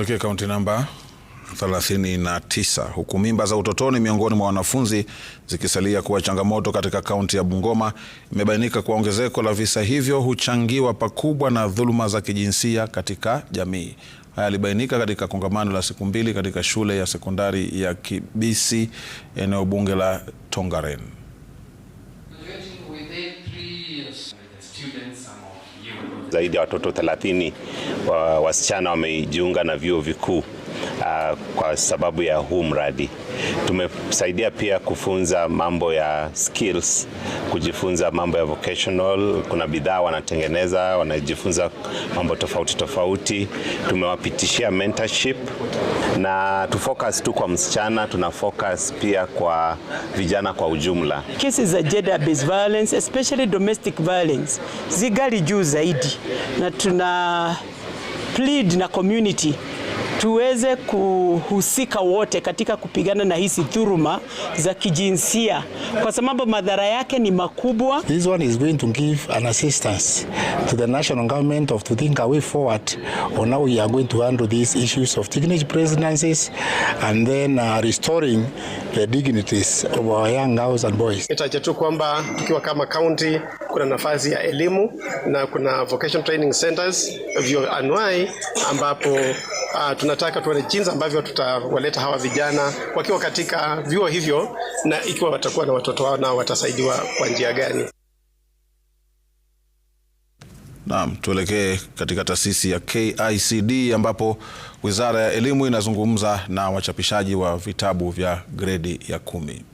Okay, kaunti namba 39 huku mimba za utotoni miongoni mwa wanafunzi zikisalia kuwa changamoto katika kaunti ya Bungoma, imebainika kuwa ongezeko la visa hivyo huchangiwa pakubwa na dhuluma za kijinsia katika jamii. Haya yalibainika katika kongamano la siku mbili katika shule ya sekondari ya Kibisi, eneo bunge la Tongaren zaidi ya watoto 30 wa wasichana wamejiunga na vyuo vikuu ah, kwa sababu ya huu mradi. Tumesaidia pia kufunza mambo ya skills, kujifunza mambo ya vocational. Kuna bidhaa wanatengeneza, wanajifunza mambo tofauti tofauti. Tumewapitishia mentorship na tufocus tu kwa msichana, tuna focus pia kwa vijana kwa ujumla. Cases za gender based violence especially domestic violence zigali juu zaidi, na tuna plead na community tuweze kuhusika wote katika kupigana na hizi dhuruma za kijinsia kwa sababu madhara yake ni makubwa. This one is going to give an assistance to the national government of to think a way forward on how we are going to handle these issues of teenage pregnancies and then uh, restoring the dignities of our young girls and boys. Itaje tu kwamba tukiwa kama county kuna nafasi ya elimu na kuna vocational training centers vyo anuai ambapo uh, tunataka tuone jinsi ambavyo tutawaleta hawa vijana wakiwa katika vyuo hivyo, na ikiwa watakuwa na watoto wao nao watasaidiwa kwa njia gani. Naam, tuelekee katika taasisi ya KICD ambapo Wizara ya Elimu inazungumza na wachapishaji wa vitabu vya gredi ya kumi.